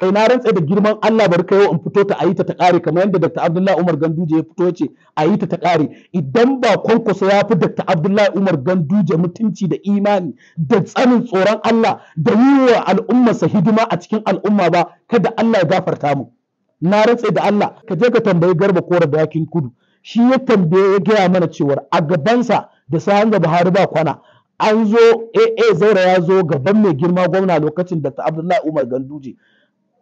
kai na rantsa da girman Allah bari kai in fito ta ayi ta ta kare kamar yadda Dr. Abdullahi Umar Ganduje ya fito ce ayi ta ta kare idan ba kwankwaso ya fi Dr. Abdullahi Umar Ganduje mutunci da imani da tsanin tsoron Allah da yiwa sa hidima a cikin al'umma ba kada Allah ya gafarta mu na rantsa da Allah ka je ka tambayi Garba Kora yakin Kudu shi ya tambaye ya gaya mana cewar a gabansa da sayan da Buhari ba kwana an zo AA Zaura ya zo gaban mai girma gwamna lokacin Dr. Abdullahi Umar Ganduje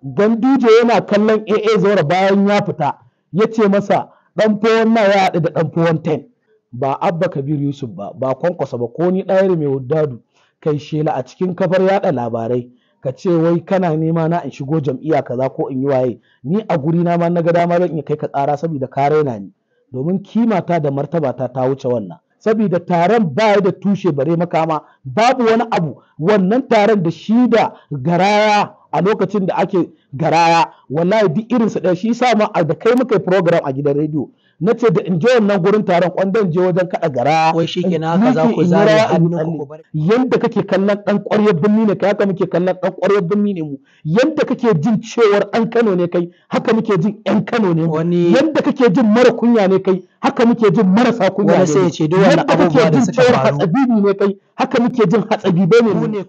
ganduje yana kallon AA Zora bayan ya fita ya ce masa ɗan fowon na ya haɗu da ɗan fowon ten ba abba kabir yusuf ba ba kwankwasa ba ko ni ɗayar mai wuddadu kai shela a cikin kafar yaɗa labarai ka ce wai kana nema na in shigo jam'iyya kaza ko in yi waye ni a guri na ma naga dama zan iya kai ka tsara saboda ka raina ni domin kimata da martabata ta wuce wannan saboda taron ba da tushe bare makama babu wani abu wannan taron da shida garaya a lokacin da ake garaya wallahi duk irinsa ɗaya shi sa ma da kai muka yi program a gidan rediyo na ce da in je wannan gurin taron kwandon je wajen kaɗa gara wai shi ke haka za ku zare hannun ku yanda kake kallon dan ƙwaryar birni ne kai haka muke kallon dan ƙwaryar birni ne mu yanda kake jin cewar an Kano ne kai haka muke jin ƴan Kano ne yanda kake jin mara kunya ne kai haka muke jin marasa kunya ne sai ya ce duk wannan abubuwa da suka faru hatsabibi ne kai haka muke jin hatsabibai ne wannan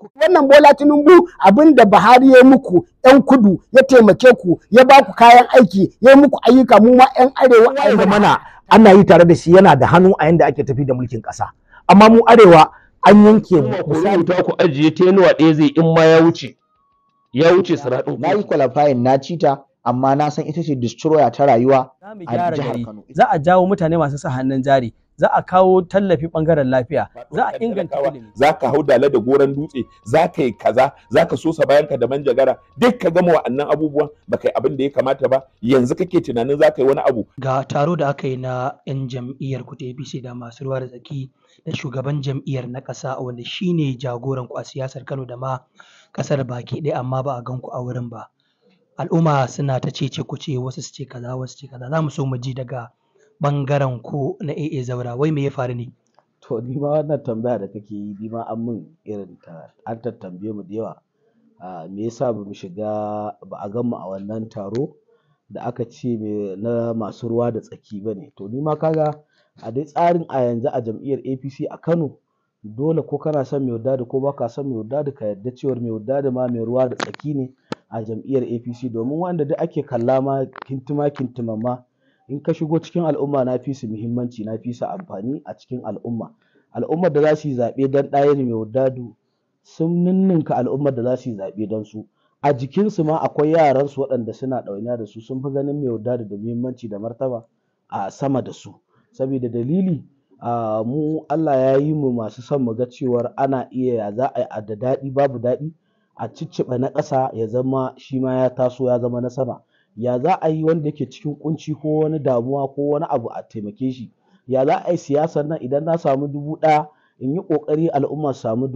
Bola Tinubu abinda da Buhari ya muku yan kudu ya taimake ku ya ba ku kayan aiki ya muku ayyuka mu ma yan arewa mana ana yi tare da shi yana da hannu a yanda ake tafi da mulkin ƙasa amma mu arewa an yanke mu misali ta ku ajiye ta yanuwa ɗaya zai in ma ya wuce ya wuce na yi qualifying na cita amma na san ita ce destroyer ta rayuwa a jihar Kano za a jawo mutane masu sa hannun jari za a kawo tallafi bangaren lafiya za a inganta ilimi za ka hau dala da goran dutse za ka yi kaza za ka sosa bayan ka da manjagara duk ka gama wa'annan abubuwan ba kai abin da ya kamata ba yanzu kake tunanin za ka yi wani abu ga taro da aka yi na yan jam'iyyar ku ta APC da masu ruwa da tsaki da shugaban jam'iyyar na ƙasa wanda shine jagoran ku a siyasar Kano da ma kasar baki ɗaya amma ba a gan ku a wurin ba al'umma suna ta ce ce ku ce wasu su ce kaza wasu ce kaza za mu so mu ji daga bangaren ko na AA Zaura wai me ya faru ne? To ni ma wannan tambaya da kake yi ni ma an min irin ta an tattambaye mu da yawa me yasa mu shiga ba a gan mu a wannan taro da aka ce na masu ruwa da tsaki ba ne to ni ma kaga a dai tsarin a yanzu a jam'iyyar APC a Kano dole ko kana son mai yarda da ko ba ka son mai yarda da ka yarda cewar mai yarda da ma mai ruwa da tsaki ne a jam'iyyar APC domin wanda duk ake kalla ma kintima kintima in ka shigo cikin al'umma na fi su muhimmanci na fi su amfani a cikin al'umma al'ummar da za su yi zaɓe don ɗaya ne mai wadadu sun ninninka al'ummar da za su yi zaɓe don su a jikinsu ma akwai yaran su waɗanda suna ɗauniya da su sun fi ganin mai wadadu da muhimmanci da martaba a sama da su saboda dalili a mu Allah ya yi mu masu son mu ga cewar ana iya ya za a da daɗi babu daɗi a cicciɓa na ƙasa ya zama shi ma ya taso ya zama na sama ya za a yi wanda yake cikin kunci ko wani damuwa ko wani abu a taimake shi ya za a yi siyasar nan idan na samu dubu ɗaya in yi ƙoƙari al'umma su samu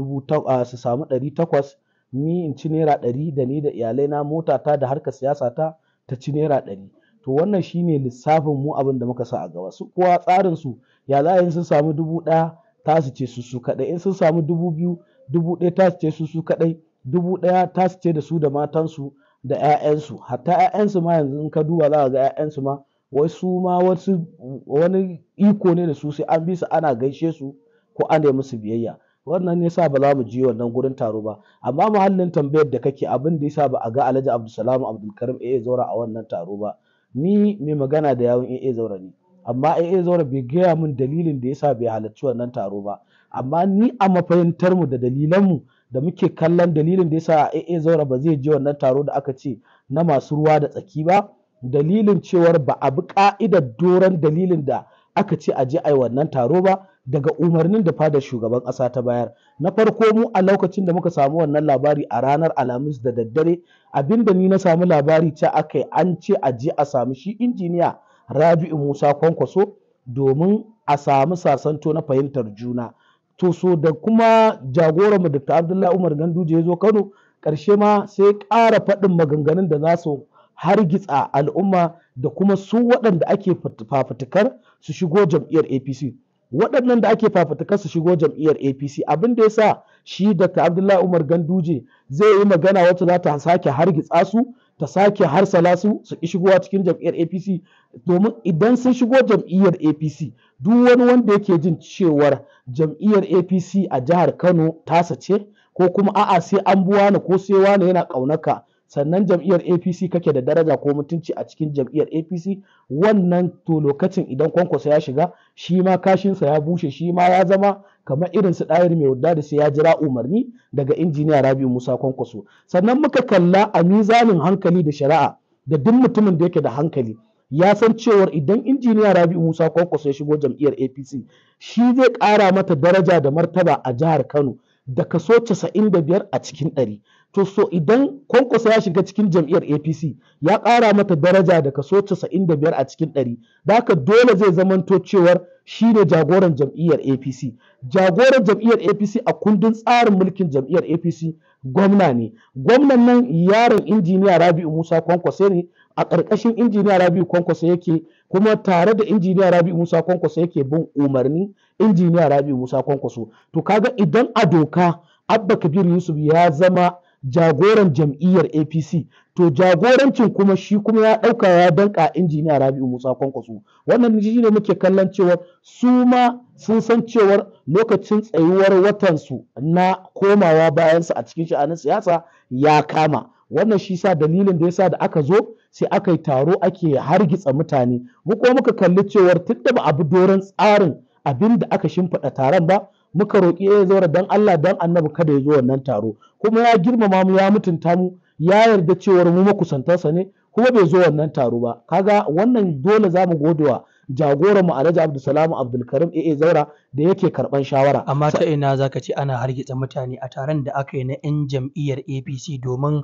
ɗari takwas ni in ci naira ɗari da ni da iyalai na mota ta da harkar siyasa ta ta ci naira ɗari to wannan shine lissafin mu abin da muka sa a gaba su kuwa tsarin su ya za in sun samu dubu ɗaya ta su ce su su kaɗai in sun samu dubu biyu dubu ɗaya ta su ce su su kaɗai dubu ɗaya ta su ce da su da matansu da 'ya'yansu hatta 'ya'yansu ma yanzu in ka duba za ga 'ya'yansu ma wai su ma wasu wani iko ne da su sai an bi su ana gaishe su ko an yi musu biyayya wannan ne sa ba za mu je wannan gurin taro ba amma muhallin tambayar da kake abin da yasa ba a ga Alhaji Abdulsalam Abdulkarim AA Zaura a wannan taro ba ni mai magana da yawun AA Zaura ne amma AA Zaura bai gaya min dalilin da yasa bai halarci wannan taro ba amma ni a mafahimtar mu da dalilan mu da muke kallon dalilin da yasa AA Zaura ba zai je wannan taro da aka ce na masu ruwa da tsaki ba dalilin cewar ba a bi ka'idar doron dalilin da aka ce a je a wannan taro ba daga umarnin da fadar shugaban ƙasa ta bayar na farko mu a lokacin da muka samu wannan labari a ranar alhamis da daddare abinda ni na samu labari ta aka an ce a je a samu shi injiniya rabi'u musa kwankwaso domin a samu sasanto na fahimtar juna to so da kuma jagoranmu da Abdullahi Umar Ganduje ya zo Kano ƙarshe ma sai ƙara faɗin maganganun da za su hargitsa al'umma da kuma su waɗanda ake fafutukar su shigo jam'iyyar APC waɗannan da ake fafutukar su shigo jam'iyyar APC abin da ya sa shi da Abdullahi Umar Ganduje zai yi magana wacce za ta sake hargitsa su ta sake harsala su su ki shigowa cikin jam'iyyar APC domin idan sun shigo jam'iyyar APC duk wani wanda yake jin cewar jam'iyyar APC a jihar Kano tasa ce ko kuma a'a sai an buwa na ko sai wani yana ƙaunaka sannan jam'iyyar apc kake da daraja ko mutunci a cikin jam'iyyar apc wannan to lokacin idan kwankwasa ya shiga shi ma kashinsa ya bushe shi ma ya zama kamar irin su ɗayar mai wadda da sai ya jira umarni daga injiniya rabi musa kwankwaso sannan muka kalla a mizanin hankali da shari'a da duk mutumin da yake da hankali ya san cewar idan injiniya rabi musa kwankwaso ya shigo jam'iyyar apc shi zai ƙara mata daraja da martaba a jihar kano da kaso 95 a cikin ɗari. to so idan kwankwasa ya shiga cikin jam'iyyar apc ya ƙara mata daraja da kaso 95 a cikin ɗari, da haka dole zai zamanto cewar shi ne jagoran jam'iyyar apc jagoran jam'iyyar apc a kundin tsarin mulkin jam'iyyar apc gwamna ne gwamnan nan yaron injiniya rabi'u musa kwankwasa ne a ƙarƙashin injiniya rabi'u kwankwasa yake kuma tare da injiniya rabi'u musa kwankwasa yake bin umarni injiniya rabi'u musa kwankwaso to kaga idan a doka abba kabir yusuf ya zama jagoran jam'iyyar apc to jagorancin kuma shi kuma ya ɗauka ya danka injiniya rabi'u musa kwankwaso wannan shi ne muke kallon cewa su ma sun san cewar lokacin tsayuwar watansu na komawa bayansa a cikin sha'anin siyasa ya kama wannan shi sa dalilin da yasa da aka zo sai aka yi taro ake hargitsa mutane mu kuma muka kalli cewar tun da ba abu doron tsarin abin da aka shimfiɗa taron ba muka roƙi ya zaura dan Allah don annabi kada ya zo wannan taro kuma ya girmama mu ya mutunta mu ya yarda cewar mu makusantarsa ne kuma bai zo wannan taro ba kaga wannan dole za mu godewa jagoran mu Alhaji Abdulsalam Abdulkarim AA Zaura da yake karban shawara amma ta ina zaka ce ana hargitsa mutane a taron da aka yi na yan jam'iyyar APC domin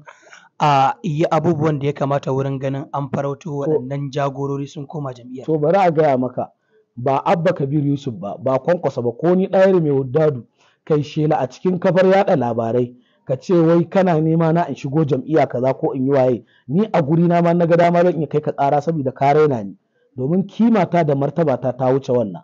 a yi abubuwan da ya kamata wurin ganin an farauto waɗannan jagorori sun koma jam'iyyar to bari a gaya maka ba abba kabir yusuf ba ba kwankwasa ba ko ni ɗayar mai wuddadu kai shela a cikin kafar yada labarai ka ce wai kana nema na in shigo jam'iyya kaza ko in yi waye ni a guri na ma na ga dama zan iya kai ka tsara saboda ka raina ni domin kimata da martabata ta wuce wannan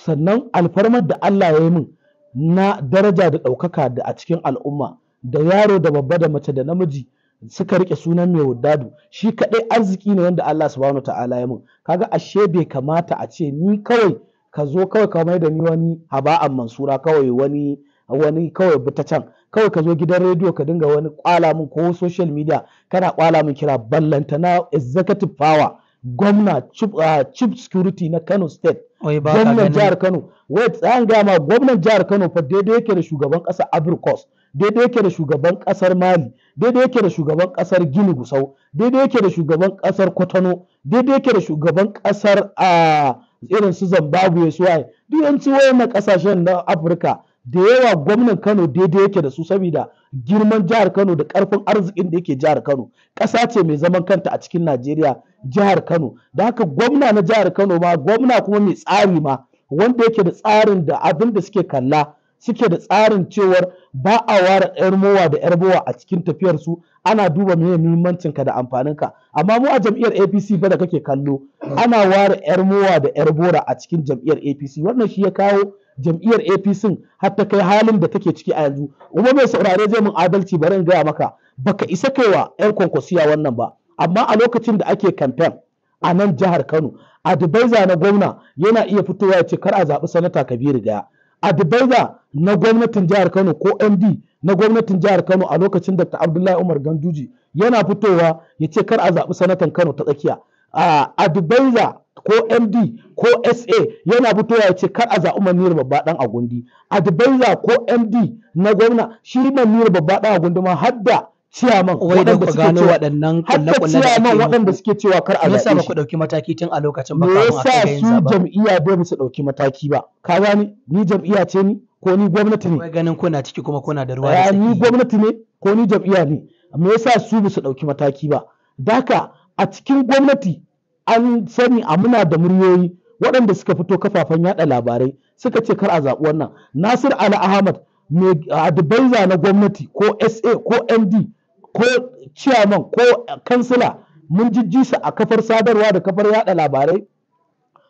sannan alfarmar da Allah ya yi min na daraja da ɗaukaka da a cikin al'umma da yaro da babba da mace da namiji suka rike sunan mai wuddadu shi kaɗai arziki ne wanda Allah subhanahu ta'ala ya mun kaga ashe bai kamata a ce ni kawai ka zo kawai ka mai da ni wani haba'an mansura kawai wani wani kawai bita can kawai ka zo gidan rediyo ka dinga wani kwala mun ko social media kana kwala mun kira ballanta na executive power gwamna ah, chief, security na Kano state gwamnan jihar Kano wait an ga ma gwamnan jihar Kano fa daidai yake da shugaban kasa Abrikos daidai yake da shugaban ƙasar mali daidai yake da shugaban ƙasar gini gusau daidai yake da shugaban ƙasar kwatano daidai yake da shugaban ƙasar a irin su zimbabwe su waye duk yanci wayannan ƙasashen na afirka da yawa gwamnan kano daidai yake da su saboda girman jihar kano da ƙarfin arzikin da yake jihar kano ƙasa ce mai zaman kanta a cikin najeriya jihar kano da haka gwamna na jihar kano ma gwamna kuma mai tsari ma wanda yake da tsarin da abin da suke kalla suke da tsarin cewar ba a ware yar mowa da yar bowa a cikin tafiyar su ana duba meye muhimmancinka ka da amfanin ka amma mu a jam'iyyar APC ba da kake kallo hmm. ana ware yar mowa da yar bora a cikin jam'iyyar APC wannan shi ya kawo jam'iyyar APC har ta kai halin da take ciki a yanzu kuma mai saurare zai mun adalci bari in gaya maka baka isa kaiwa yar kwankwasiya wannan ba amma a lokacin da ake kamfen a nan jihar Kano adibaiza na gwamna yana iya fitowa ya ce kar a zaɓi sanata Kabiru Gaya advisor na gwamnatin jihar Kano ko MD na gwamnatin jihar Kano a lokacin Dr. Abdullahi Umar Ganduji yana fitowa ya ce kar a zaɓi sanatan Kano ta tsakiya. Advisor ko MD ko SA yana fitowa ya ce kar a zaɓi maniyar babba ɗan a gundi. Advisor ko MD na gwamna shi maniyar babba ɗan a gundi ma hadda. ciyaman waɗanda suke gano waɗannan kulle-kulle da ciyaman waɗanda suke cewa kar a zaɓe shi. Me yasa ɗauki mataki tun a lokacin ba kafin a kai su jam'iyya bai musu ɗauki mataki ba. Ka gani ni jam'iyya ce ni ko ni gwamnati ne. Wai ganin kuna ciki kuma kuna da ruwa da tsaki. Ni gwamnati ne ko ni jam'iyya ne. Me yasa su musu ɗauki mataki ba. Daka a cikin gwamnati an sani a muna da muryoyi waɗanda suka fito kafafen yaɗa labarai suka ce kar a zaɓi wannan. Nasir Ali Ahmad mai advisor na gwamnati ko SA ko ND. ko ciyaman ko kansila mun jijji su a kafar sadarwa da kafar yada labarai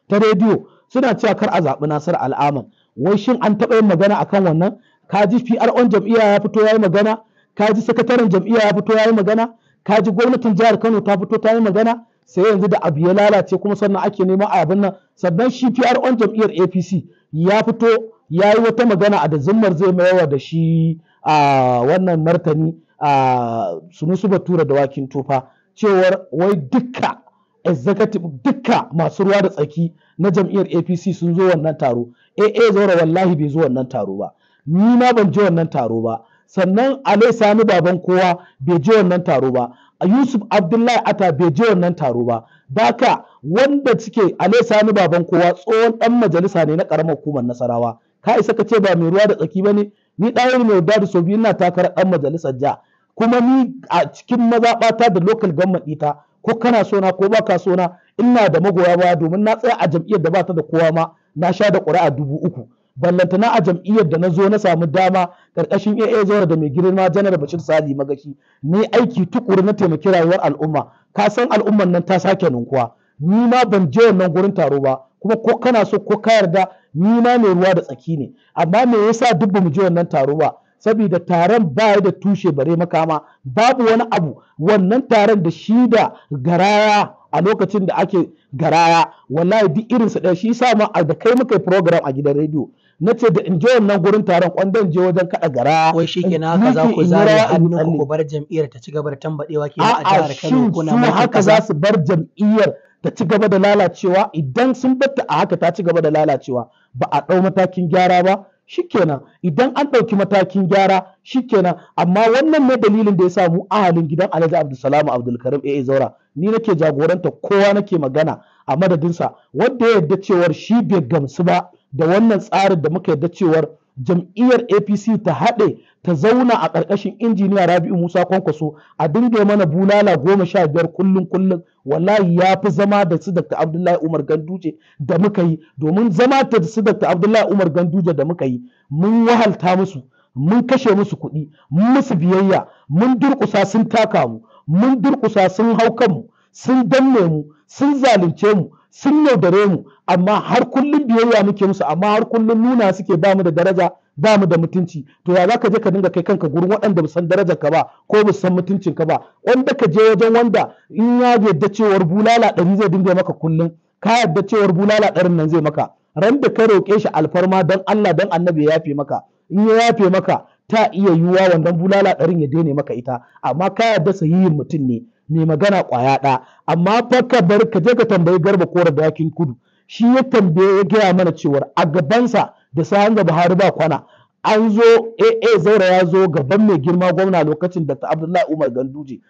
ta rediyo suna cewa kar a zaɓi nasar Al'aman wai shin an taɓa yin magana akan wannan ka ji on jam'iyya ya fito ya yi magana ka ji sakataren jam'iyya ya fito ya yi magana ka ji gwamnatin jihar Kano ta fito ta yi magana sai yanzu da abu ya lalace kuma sannan ake neman a abin nan sannan shi on jam'iyyar APC ya fito ya yi wata magana a da zimmar zai mayar da shi a wannan martani a su musu batura da wakin tofa cewar wai dukka executive dukka masu ruwa da tsaki na jam'iyyar apc sun zo wannan taro aa zaura wallahi bai zo wannan taro ba ni ma ban je wannan taro ba sannan alai sani baban kowa bai je wannan taro ba yusuf abdullahi ata bai je wannan taro ba daka wanda suke alai sani baban kowa tsohon dan majalisa ne na karamar hukumar nasarawa ka isa ka ce ba mai ruwa da tsaki ba ne ni ɗayan mai da sobi na takarar dan majalisar ja kuma ni a cikin mazaɓata da local government ita ko kana sona ko ba ka sona ina da magoya ba domin na tsaya a jam'iyyar da ba ta da kowa ma na sha da ƙuri'a dubu uku ballantana a jam'iyyar da na zo na samu dama ƙarƙashin AA zaura da mai girma janar Bashir Sali Magashi ni aiki tukuru na taimaki rayuwar al'umma ka san al'umman nan ta sake ninkuwa ni ma ban je wannan gurin taro ba kuma ko kana so ko ka yarda ni ma mai ruwa da tsaki ne amma me yasa duk mu je wannan taro ba saboda taron ba da tushe bare makama babu wani abu wannan taron da shi da garaya a lokacin da ake garaya wallahi duk irinsa ɗaya shi sa ma da kai muka program a gidan rediyo na ce da in je wannan gurin taron kwandon je wajen kaɗa gara wai shi ke haka za ku zare hannun ku bar jam'iyyar ta ci gaba da tambadewa ke a jihar Kano kuna su haka za su bar jam'iyyar ta ci gaba da lalacewa idan sun batta a haka ta ci gaba da lalacewa ba a ɗau matakin gyara ba shikenan idan an ɗauki matakin gyara shikenan amma wannan ne dalilin da ya samu ahalin gidan alhaji abdulsalam abdulkarim a zaura ni nake jagoranta kowa nake magana a madadinsa wanda ya yarda cewar shi bai gamsu ba da wannan tsarin da muka yarda cewar jam'iyyar apc ta haɗe ta zauna a ƙarƙashin injiniya rabi'u musa kwankwaso a dinga mana bulala goma sha biyar kullum kullum wallahi ya fi zama da su dr abdullahi umar ganduje da muka yi domin zama ta su dr abdullahi umar ganduje da muka yi mun wahalta musu mun kashe musu kuɗi mun musu biyayya mun durƙusa sun taka mu mun durƙusa sun hau kanmu sun danne mu sun zalunce mu sun yaudare mu amma har kullum biyayya muke musu amma har kullum nuna suke bamu da daraja bamu da mutunci to ya za ka je ka dinga kai kanka gurin waɗanda ba san darajar ka ba ko ba san mutuncin ka ba wanda ka je wajen wanda in ya yadda cewar bulala ɗari zai dinga maka kullum ka yadda cewar bulala ɗarin nan zai maka ran da ka roƙe shi alfarma don Allah don annabi ya yafe maka in ya yafe maka ta iya yiwuwa wannan bulala ɗarin ya daina maka ita amma ka yadda sahihin mutum ne mai magana ƙwaya ɗaya amma baka bar ka je ka tambayi garba kora dakin kudu shi ya tambaye ya gaya mana cewar a gabansa da sayan da buhari ba kwana an zo aa zaura ya zo gaban mai girma gwamna lokacin da ta abdullahi umar ganduje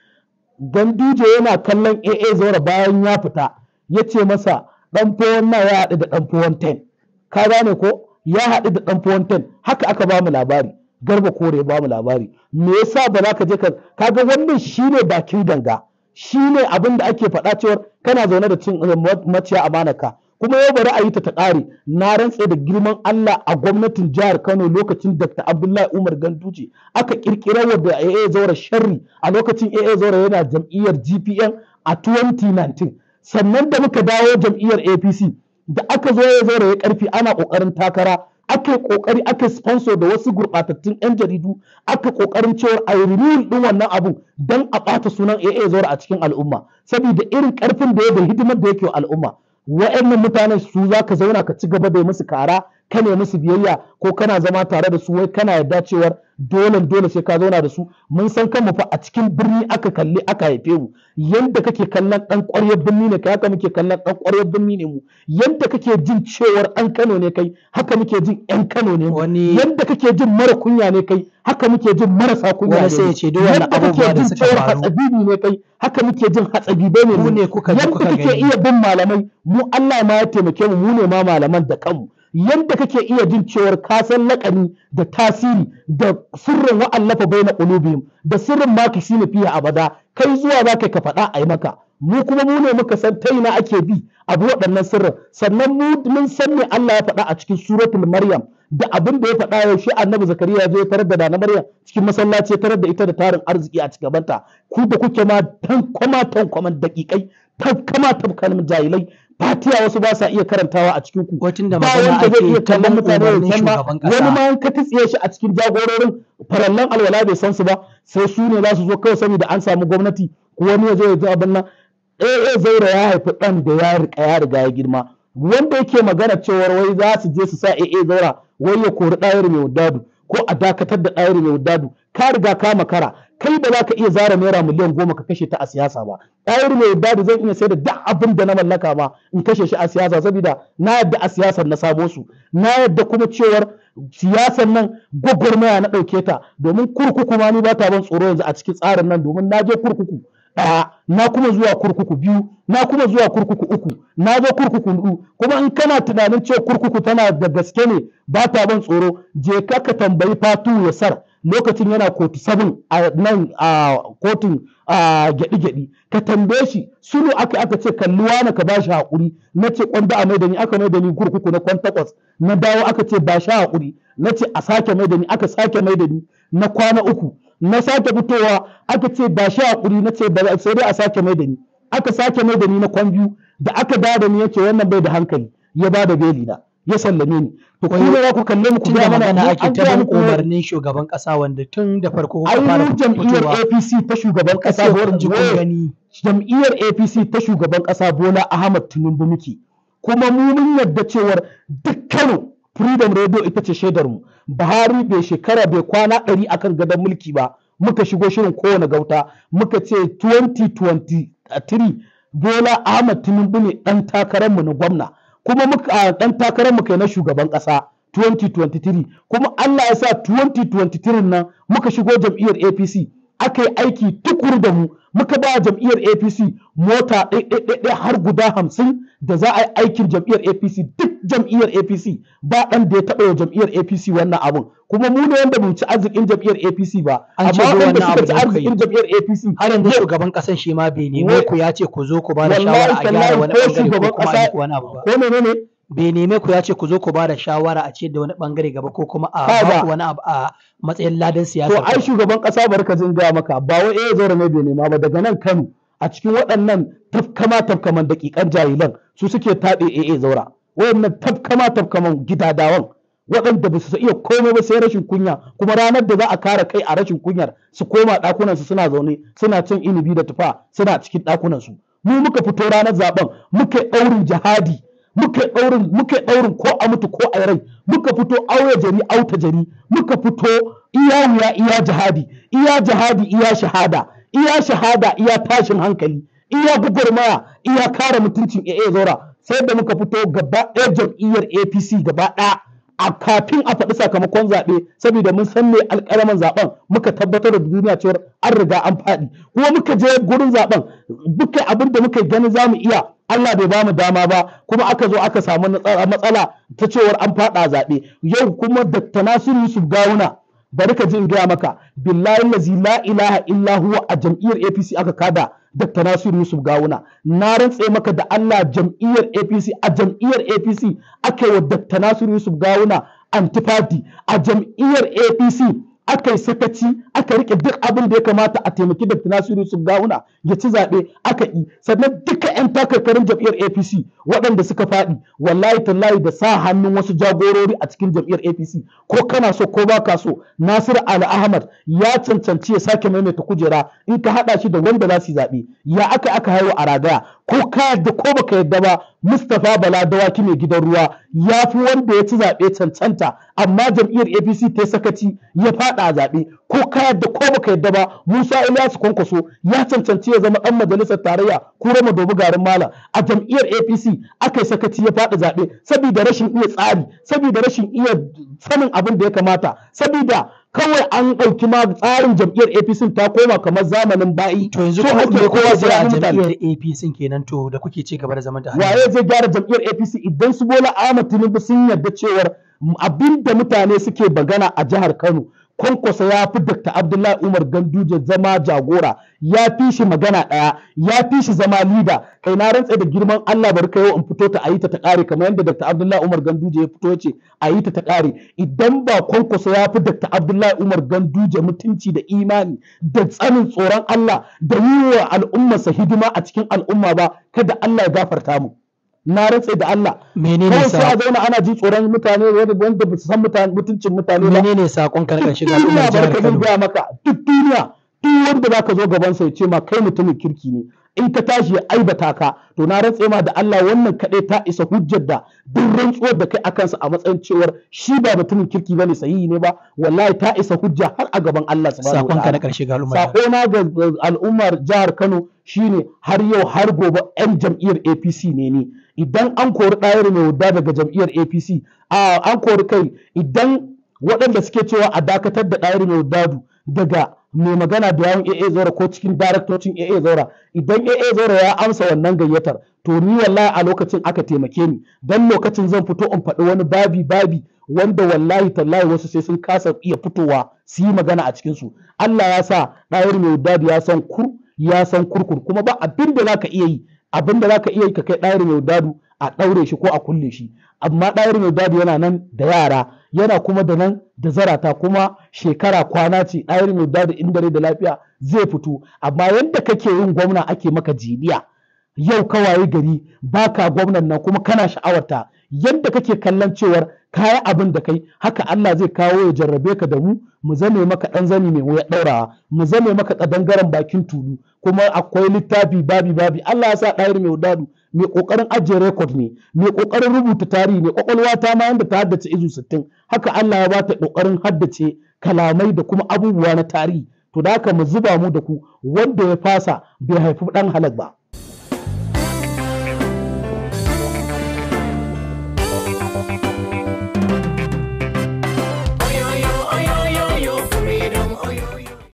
ganduje yana kallon aa zaura bayan ya fita ya ce masa dan fowon na ya haɗu da dan fowon ten ka gane ko ya haɗu da dan fowon ten haka aka ba mu labari garba kore ba mu labari me yasa ba za ka je ka kaga wannan shine bakin ganga shine abin da ake faɗa cewa kana zaune da cin eh, maciya amanaka kuma yau bari a yi ta ta ƙare na rantse da girman Allah a gwamnatin jihar Kano lokacin Dr. Abdullahi Umar Ganduje aka kirkira wadda AA Zaura sharri a lokacin AA Zaura yana jam'iyyar GPN a 2019 sannan da muka dawo jam'iyyar APC da aka zo ya zaura ya karfi ana kokarin takara Ake kokari ake sponsor da wasu gurɓatattun yan jaridu ake kokarin cewa a yi rinin din wannan abu, dan a ɓata sunan AA Zaure a cikin al'umma saboda irin ƙarfin da ya da hidimar da yake wa al'umma wa'annan mutanen su zaka zauna ka ci gaba da musu kara ka ne musu biyayya ko kana zama tare da su wai kana yarda cewar dole dole sai ka zauna da su mun san kanmu fa a cikin birni aka kalli aka haife mu yanda kake kallon dan ƙwaryar birni ne kai haka muke kallon dan ƙwaryar birni ne mu yanda kake jin cewar an Kano ne kai haka muke jin ƴan Kano ne mu yanda kake jin mara kunya ne kai haka muke jin marasa kunya ne sai ya ce dole wannan abubuwa da suka faru hatsabibi ne kai haka muke jin hatsabibai ne mu ne kuka yanda kake iya bin malamai mu Allah ma ya taimake mu mu ne ma malaman da kanmu yadda kake iya jin cewar kasan laƙani da tasiri da sirrin wa'allafa bai na ƙulubihim da sirrin maka shi ne fiye abada kai zuwa za ka faɗa a yi maka mu kuma mu ne muka san ta ina ake bi abu waɗannan sirrin sannan mu mun san ne Allah ya faɗa a cikin suratul maryam da abin da ya faɗa yau shi annabi zakariya ya zo ya tarar da dana maryam cikin masallaci ya tarar da ita da tarin arziki a cikin banta ku da kuke ma tankwama tankwaman daƙiƙai tafkama tafkan jahilai fatiya wasu ba sa iya karantawa a cikin ku ba wanda zai iya kallon mutane da san wani ma ka tsiye shi a cikin jagororin farallan alwala bai san su ba sai su ne za su zo kawai saboda an samu gwamnati ko wani ya zo ya ji nan eh zaura ya haifi dan da ya riga ya riga ya girma wanda yake magana cewar wai za su je su sa eh zaura wai ya kori ɗayar mai wadadu ko a dakatar da ɗayar mai wadadu ka riga ka makara kai ba za ka iya zara naira miliyan goma ka kashe ta a siyasa ba ɗayar mai yadda da zan iya sayar da duk abin da na mallaka ba in kashe shi a siyasa saboda na yadda a siyasar na samo su na yadda kuma cewar siyasar nan gwagwarmaya na ɗauke ta domin kurkuku ma ni ba ta ban tsoro yanzu a cikin tsarin nan domin na je kurkuku ɗaya na kuma zuwa kurkuku biyu na kuma zuwa kurkuku uku na zo kurkuku hudu kuma in kana tunanin cewa kurkuku tana da gaske ne ba ta ban tsoro je ka ka tambayi fatu ya sar lokacin yana kotu sabon a nan a kotun a gyaɗi-gyaɗi ka tambaye shi sulu aka aka ce kalluwa na ka ba shi haƙuri na ce ƙwanda a mai da ni aka mai da ni kurkuku na kwan takwas na dawo aka ce ba shi haƙuri na ce a sake mai da ni aka sake mai da ni na kwana uku na sake fitowa aka ce ba shi haƙuri na ce sai dai a sake mai da ni aka sake mai da ni na kwan biyu da aka dawo da ni yake wannan bai da hankali ya ba da beli na ya sallame ni to ku ne ku kalle mu ku ga mana an ake ta umarnin shugaban kasa wanda tun da farko kuka fara jam'iyyar APC ta shugaban kasa Bola gani jam'iyyar APC ta shugaban kasa Bola Ahmad Tinubu muke kuma mu mun yarda cewar duk Kano Freedom Radio ita ce shaidar mu Buhari bai shekara bai kwana ɗari akan gadon mulki ba muka shigo shirin kowane gauta muka ce 2023 Bola Ahmad Tinubu ne ɗan takararmu na gwamna kuma muka dan takarar mu kai na shugaban ƙasa 2023 kuma Allah ya sa 2023 nan muka shigo jam'iyyar APC aka yi aiki tukuru da mu muka ba jam'iyyar apc mota ɗaiɗaiɗaiɗai har guda hamsin da za a yi aikin jam'iyyar apc duk jam'iyyar apc ba ɗan da ya taɓa wa jam'iyyar apc wannan abun kuma mu ne wanda ci arzikin jam'iyyar apc ba amma wanda suka ci arzikin jam'iyyar apc har yanzu shugaban ƙasar shi ma bai nemo ku ya ce ku zo ku ba da shawara a gyara wani ɓangare ko kuma wani abu ba ko menene bai neme ku ya ce ku zo ku bada shawara a cikin da wani bangare gaba ko kuma a wani abu a matsayin ladan siyasa. To ai shugaban kasa barka jin gaya maka ba wai eh zo rame bai nema ba daga nan Kano a cikin waɗannan tafkama tafkaman dakikan jahilan su suke taɓe eh, eh zaura waɗannan tafkama tafkaman gidadawan waɗanda ba su iya komai ba sai rashin kunya kuma ranar da za a kare kai a rashin kunyar su koma ɗakunansu suna zaune suna cin inibi da tufa suna cikin ɗakunansu mu muka fito ranar zaben muka ɗaurin jihadi muka ɗaurin muka ɗaurin ko a mutu ko a rai muka fito aure jari auta jari muka fito iya wuya iya jihadi iya jihadi iya shahada iya shahada iya tashin hankali iya gugurmaya iya kare mutuncin A Zora sai da muka fito gaba ɗaya jam'iyyar APC gaba ɗaya a kafin a faɗi sakamakon zaɓe saboda mun san me alƙalaman zaɓen muka tabbatar da duniya cewar an riga an faɗi kuma muka je gurin zaɓen duka abin da muka gani za mu iya Allah bai ba mu dama ba kuma aka zo aka samu matsala ta cewar an faɗa zaɓe yau kuma Dr. Nasiru Yusuf Gawuna bari ka jin gaya maka billahi lazi la ilaha illa huwa a jam'iyyar APC aka kada Dr. Nasiru Yusuf Gawuna na rantse maka da Allah jam'iyyar APC a jam'iyyar APC yi wa Dr. Nasiru Yusuf Gawuna antifati a jam'iyyar APC aka yi sakaci aka rike duk abin da ya kamata a taimaki da nasiru su ga'una. ya ci zaɓe aka yi sannan duka 'yan takarkarin jam'iyyar apc waɗanda suka faɗi wallahi layi da sa hannun wasu jagorori a cikin jam'iyyar apc ko kana so ko ba ka so nasiru ali ahmad ya cancanci ya sake maimaita kujera in ka haɗa shi da wanda za su zaɓe ya aka aka haihu a ragaya ko ka yadda ko baka yadda ba Mustapha Bala Dawaki mai gidan ruwa ya fi wanda ya ci zaɓe cancanta amma jam'iyyar APC ta sakaci ya faɗa a zaɓe ko ka yadda ko baka yadda ba Musa Ilyasu Kwankwaso ya cancanci ya zama ɗan majalisar tarayya ko Rama Dobi Garin Malam a jam'iyyar APC aka yi sakaci ya faɗa zaɓe saboda rashin iya tsari saboda rashin iya sanin abin da ya kamata saboda kawai an ɗauki ma tsarin jam'iyyar APC ta koma kamar zamanin bayi. To yanzu ko ake kowa zai a jam'iyyar APC kenan to da kuke ci gaba da zaman da Waye zai gyara jam'iyyar APC idan su Bola Ahmad Tinubu sun yarda cewar abinda mutane suke bagana a jihar Kano kwankwasa ya fi Dr. Abdullahi Umar Ganduje zama jagora ya fi shi magana ɗaya ya fi shi zama lida kai na rantse da girman Allah bari kai in fito ta ayita ta ƙare kamar yadda Dr. Abdullahi Umar Ganduje ya fito ce ayita ta ƙare idan ba kwankwasa ya fi Dr. Abdullahi Umar Ganduje mutunci da imani da tsanin tsoron Allah da yi wa al'ummarsa hidima a cikin al'umma ba kada Allah ya gafarta mu. na rantse da Allah menene sa sai a zauna ana ji tsoron mutane wanda ba su san mutuncin mutane ba menene sakon karkan shiga al'ummar jihar Kano duk duniya maka duk duniya duk wanda zaka zo gaban sa ya ce ma kai mutumin kirki ne in ka tashi ya aibata ka to na rantse ma da Allah wannan kaɗai ta isa hujjar da duk rantsuwar da kai a kansa a matsayin cewar shi ba mutumin kirki bane sahihi ne ba wallahi ta isa hujja har a gaban Allah subhanahu wa ta'ala karshe ga al'umma sako na ga al'ummar jihar Kano shine har yau har gobe yan jam'iyyar APC ne ni idan an kori ɗayar mai wadda daga jam'iyyar APC a an kori kai idan waɗanda suke cewa a dakatar da ɗayar mai wadda daga mai magana da yawon AA Zaura ko cikin daraktocin AA Zaura idan AA Zaura ya amsa wannan gayyatar to ni wallahi a lokacin aka taimake ni dan lokacin zan fito in faɗi wani babi babi wanda wallahi tallahi wasu sai sun kasa iya fitowa su yi magana a cikin su Allah ya sa ɗayar mai babi ya san kur ya san kurkur kuma ba abin da zaka iya yi abin da zaka iya yi ka kai ɗayar mai dadu a ɗaure shi ko a kulle shi amma ɗayar mai dadi yana nan da yara yana kuma da nan da zarata kuma shekara kwana ce ɗayar mai da inda da lafiya zai fito amma yadda kake yin gwamna ake maka jibiya. yau ka waye gari baka gwamnan nan kuma kana sha'awarta yadda kake kallon cewar kayi abin da kai haka Allah zai kawo ya jarrabe ka da mu mu zame maka ɗan zani mai wuya daurawa mu zame maka kadangaren bakin tulu kuma akwai littafi babi babi Allah ya sa ɗayar mai wudadu mai kokarin ajiye rekod ne mai kokarin rubuta tarihi ne kwakwalwa ta ma yanda ta haddace izu 60 haka Allah ya bata kokarin haddace kalamai da kuma abubuwa na tarihi to da haka mu zuba mu da ku wanda ya fasa bai haifi dan halak ba